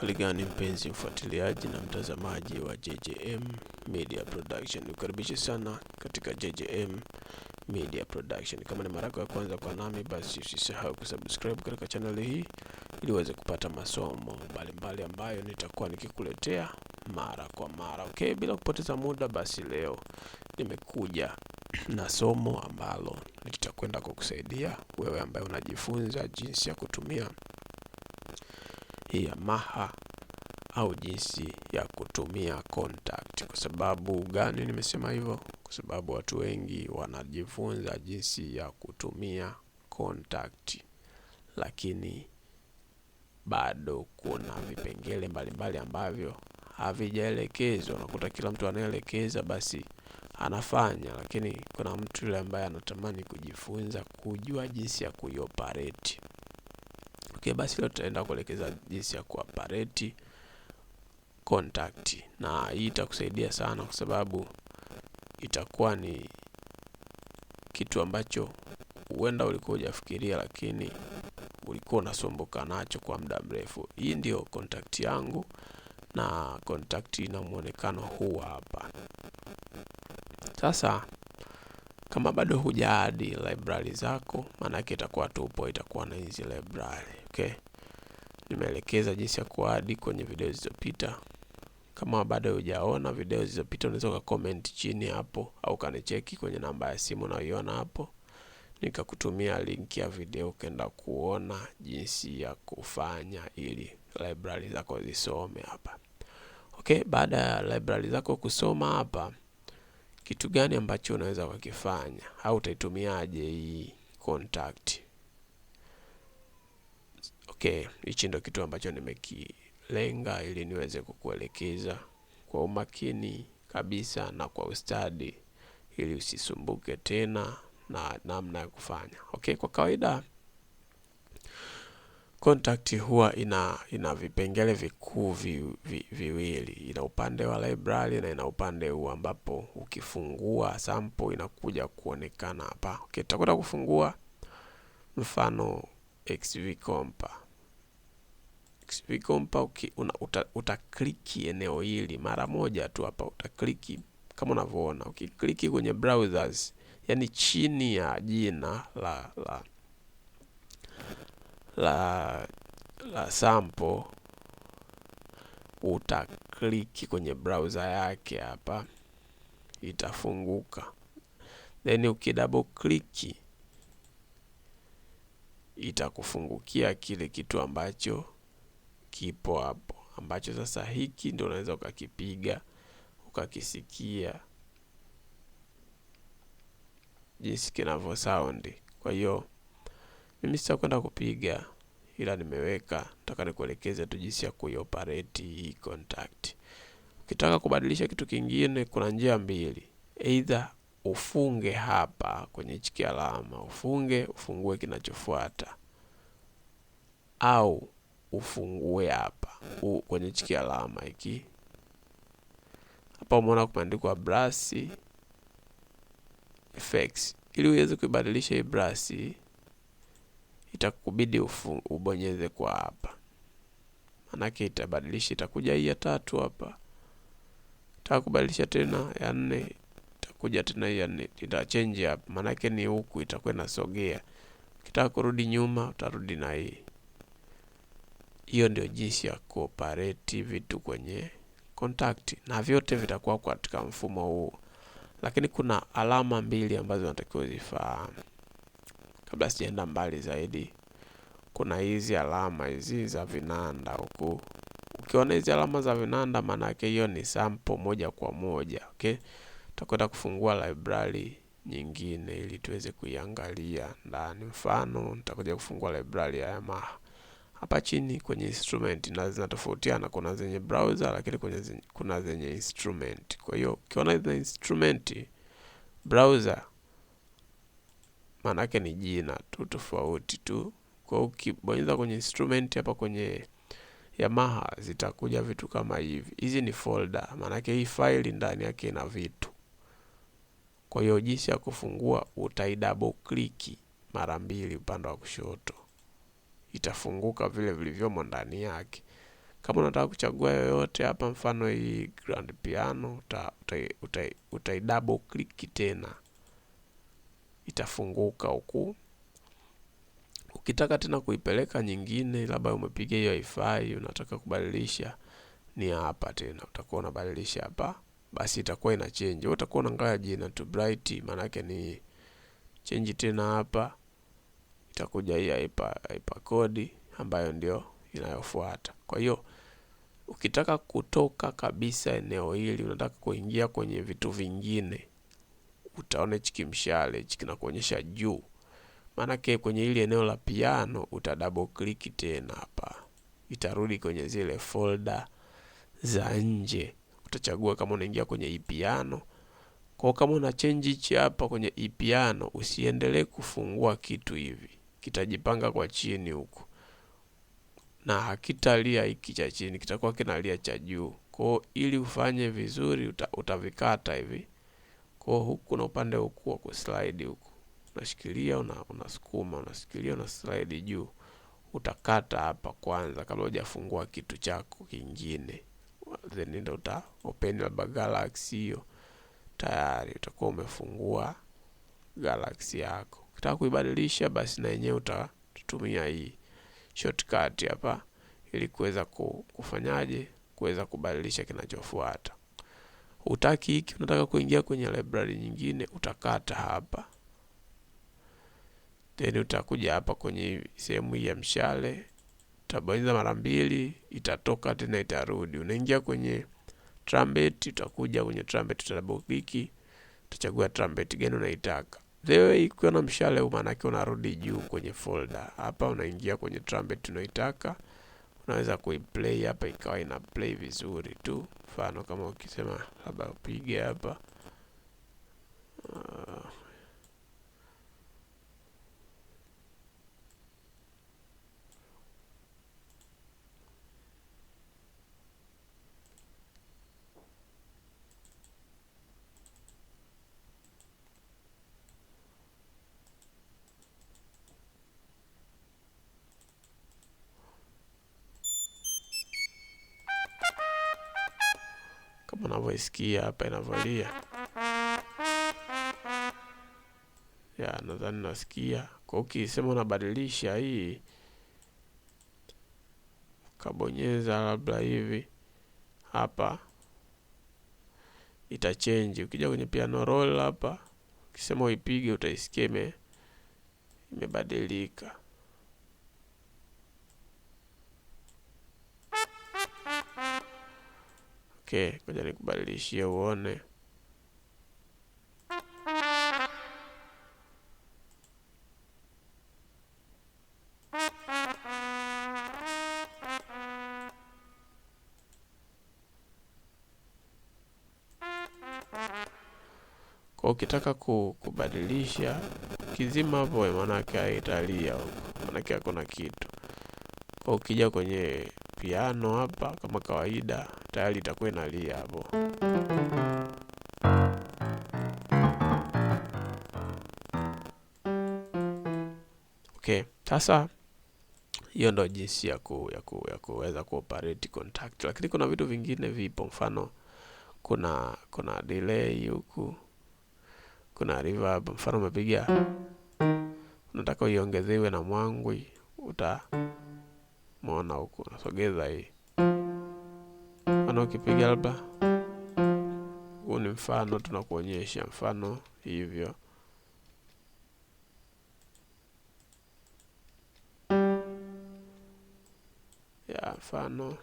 Hali gani mpenzi mfuatiliaji na mtazamaji wa JJM Media Production, ukaribishi sana katika JJM Media Production. Kama ni mara yako ya kwanza kwa nami, basi usisahau kusubscribe katika channel hii ili uweze kupata masomo mbalimbali ambayo nitakuwa nikikuletea mara kwa mara. Okay, bila kupoteza muda, basi leo nimekuja na somo ambalo litakwenda kukusaidia wewe ambaye unajifunza jinsi ya kutumia sahihi ya maha au jinsi ya kutumia contact. Kwa sababu gani nimesema hivyo? Kwa sababu watu wengi wanajifunza jinsi ya kutumia contact, lakini bado kuna vipengele mbalimbali ambavyo havijaelekezwa. Unakuta kila mtu anaelekeza, basi anafanya, lakini kuna mtu yule ambaye anatamani kujifunza kujua jinsi ya kuioperate. Okay, basi leo tutaenda kuelekeza jinsi ya kuapareti contact, na hii itakusaidia sana kwa sababu itakuwa ni kitu ambacho huenda ulikuwa hujafikiria, lakini ulikuwa unasumbuka nacho kwa muda mrefu. Hii ndio contact yangu, na contact ina muonekano huu hapa. Sasa kama bado hujaadi library zako, maanake itakuwa tupo, itakuwa na hizi library wake. Nimeelekeza jinsi ya kuadi kwenye video zilizopita. Kama bado hujaona video zilizopita, unaweza ukakomenti chini hapo au kanicheki kwenye namba ya simu unayoiona hapo, nikakutumia linki ya video ukaenda kuona jinsi ya kufanya ili library zako zisome hapa. Okay, baada ya library zako kusoma hapa, kitu gani ambacho unaweza ukakifanya au utaitumiaje hii contact pekee. Hichi ndo kitu ambacho nimekilenga ili niweze kukuelekeza kwa umakini kabisa na kwa ustadi ili usisumbuke tena na namna ya kufanya. Okay, kwa kawaida contact huwa ina ina vipengele vikuu vi, vi, viwili, ina upande wa library na ina upande huu ambapo ukifungua sample inakuja kuonekana hapa. Okay, tutakwenda kufungua mfano XV compa Vikompa uki, una, uta, utakliki eneo hili mara moja tu hapa, utakliki kama unavyoona. Ukikliki kwenye browsers, yani chini ya jina la la la, la sample utakliki kwenye browser yake hapa, itafunguka then ukidouble click itakufungukia kile kitu ambacho kipo hapo, ambacho sasa hiki ndio unaweza ukakipiga ukakisikia jinsi kinavyo sound. Kwa hiyo mimi sitakwenda kupiga, ila nimeweka, nataka nikuelekeze tu jinsi ya kuioperate hii contact. Ukitaka kubadilisha kitu kingine, kuna njia mbili, either ufunge hapa kwenye hichi kialama, ufunge ufungue kinachofuata au ufungue hapa kwenye chiki alama hiki hapa, umeona kumeandikwa brush effects. Ili uweze kuibadilisha hii brush, itakubidi ubonyeze kwa hapa, maanake itabadilisha, itakuja hii ya tatu hapa. Nataka kubadilisha tena ya nne, itakuja tena hii ya nne, itachange hapa, maanake ni huku itakuwa inasogea. Ukitaka kurudi nyuma, utarudi na hii hiyo ndio jinsi ya kuoperate vitu kwenye contact, na vyote vitakuwa katika mfumo huu, lakini kuna alama mbili ambazo natakiwa uzifahamu kabla sijaenda mbali zaidi. Kuna hizi alama hizi za vinanda huku, ukiona hizi alama za vinanda, maana yake hiyo ni sample moja kwa moja. Okay, tutakwenda kufungua library nyingine ili tuweze kuiangalia ndani. Mfano, nitakuja kufungua library ya Yamaha hapa chini kwenye instrument, na zinatofautiana. Kuna zenye browser, lakini kwenye zenye, kuna zenye instrument. Kwa hiyo ukiona zina instrument browser, maanake ni jina tu tofauti tu. Kwa hiyo ukibonyeza kwenye instrument hapa kwenye Yamaha zitakuja vitu kama hivi. Hizi ni folder, maanake hii faili ndani yake ina vitu. Kwa hiyo jinsi ya kufungua, utaidouble click mara mbili upande wa kushoto itafunguka vile vilivyomo ndani yake. Kama unataka kuchagua yoyote hapa, mfano hii grand piano, uta, uta, uta, uta uta double click tena itafunguka huku. Ukitaka tena kuipeleka nyingine, labda umepiga hiyo hi-fi, unataka kubadilisha, ni hapa tena utakuwa unabadilisha hapa, basi itakuwa ina change. Utakuwa unaangalia jina to bright, maana yake ni change tena hapa itakuja hii haipa, haipa kodi ambayo ndio inayofuata. Kwa hiyo ukitaka kutoka kabisa eneo hili, unataka kuingia kwenye vitu vingine, utaona hichi kimshale hichi kinakuonyesha juu. Maanake kwenye hili eneo la piano uta double click tena, hapa itarudi kwenye zile folder za nje. Utachagua kama unaingia kwenye ipiano kwa kama una change hichi hapa kwenye ipiano, usiendelee kufungua kitu hivi kitajipanga kwa chini huku na hakitalia hiki cha chini, kitakuwa kinalia cha juu. Kwa ili ufanye vizuri uta, utavikata hivi kwa huku na upande huku wa kuslide huku, unashikilia una, unasukuma unashikilia una slide juu. Utakata hapa kwanza kabla hujafungua kitu chako kingine, then ndio uta open labda Galaxy hiyo, tayari utakuwa umefungua Galaxy yako ukitaka kuibadilisha basi na yenyewe utatumia hii shortcut hapa ili kuweza kufanyaje kuweza kubadilisha kinachofuata. Utaki hiki, unataka kuingia kwenye library nyingine, utakata hapa, then utakuja hapa kwenye sehemu hii ya mshale, utabonyeza mara mbili, itatoka tena itarudi. Unaingia kwenye trumpet, utakuja kwenye trumpet, utadouble click, utachagua trumpet gani unaitaka. Wewe ukiwa na mshale huu, maanake unarudi juu kwenye folder hapa, unaingia kwenye trumpet tunaitaka, unaweza kuiplay hapa ikawa ina play vizuri tu. Mfano kama ukisema labda upige hapa unavyoisikia hapa inavyolia ya nadhani nasikia kwa ukisema unabadilisha hii kabonyeza labda hivi hapa itachange. Ukija kwenye piano roll hapa, ukisema uipige utaisikia imebadilika. Okay, ngoja nikubadilishie uone. Kwa ukitaka kubadilisha kizima hapo, maanake haitalia huko, maanake hakuna kitu. Kwa ukija kwenye piano hapa kama kawaida, tayari itakuwa inalia hapo. Okay, sasa hiyo ndo jinsi ya ku, ya, ku, ya kuweza kuoperate contact, lakini kuna vitu vingine vipo, mfano kuna kuna delay huku, kuna reverb. Mfano umepiga unataka uiongezewe na mwangwi uta umeona huku, nasogeza hii ana, ukipiga labda, huu ni mfano, tunakuonyesha mfano hivyo ya mfano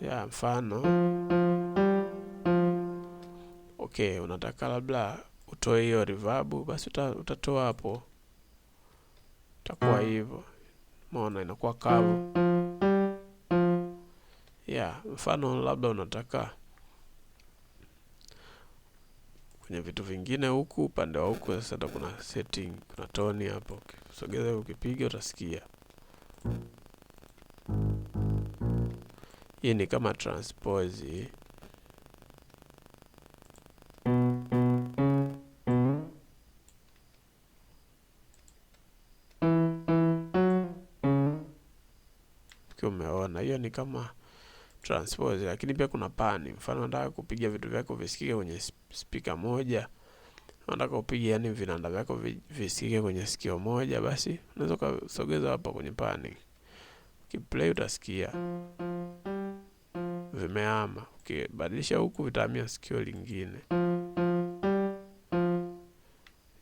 ya mfano okay, unataka labda utoe hiyo reverb, basi uta, utatoa hapo, itakuwa mm. hivyo. Umeona inakuwa kavu yeah. Mfano labda unataka kwenye vitu vingine huku upande wa huku, sasa hata kuna setting, kuna toni hapo, ukisogeza ukipiga utasikia hii ni kama transpose ukiwa umeona. Hiyo ni kama transpose, lakini pia kuna pan. Mfano nataka kupiga vitu vyako visikike kwenye spika moja, nataka upige yani vinanda vyako visikike kwenye sikio moja, basi unaweza kusogeza hapa kwenye pan, ukiplay utasikia vimeama. Ukibadilisha huku vitahamia sikio lingine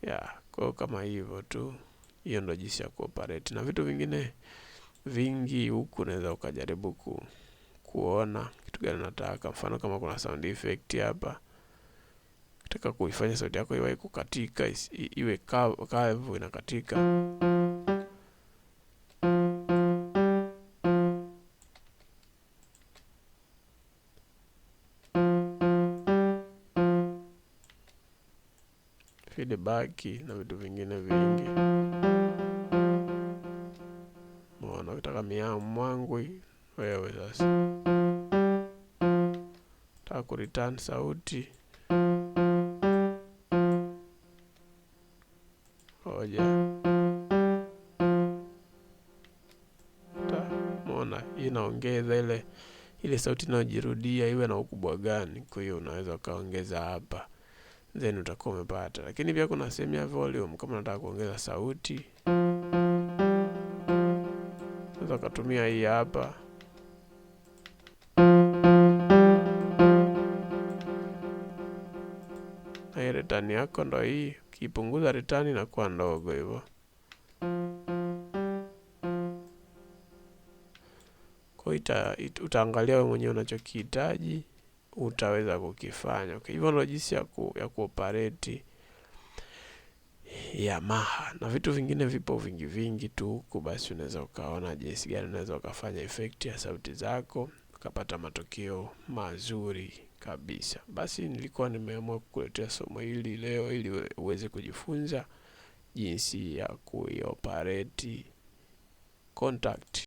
ya kwao, kama hivyo tu. Hiyo ndio jinsi ya kuoperate na vitu vingine vingi huku unaweza ukajaribu ku, kuona kitu gani nataka. Mfano kama kuna sound effect hapa, nataka kuifanya sauti yako iwahi kukatika, iwe kavu inakatika feedback na vitu vingine vingi. Ramia mwangwi wewe sasa. Nataka kureturn sauti. Hoja. mona inaongeza ile ile sauti inayojirudia iwe na ukubwa gani. Kwa hiyo unaweza ukaongeza hapa, then utakuwa umepata. Lakini pia kuna sehemu ya volume, kama unataka kuongeza sauti naweza kutumia hii hapa na hii return yako ndo hii. Ukipunguza return inakuwa ndogo hivyo. Kwa ita, utaangalia wewe mwenyewe unachokihitaji utaweza kukifanya. Okay, hivyo ndo jinsi ya ku, ya kuoperate Yamaha na vitu vingine vipo vingi vingi tu huku. Basi unaweza ukaona jinsi gani unaweza ukafanya effect ya sauti zako ukapata matokeo mazuri kabisa. Basi nilikuwa nimeamua kukuletea somo hili leo ili uweze kujifunza jinsi ya kuioperate contact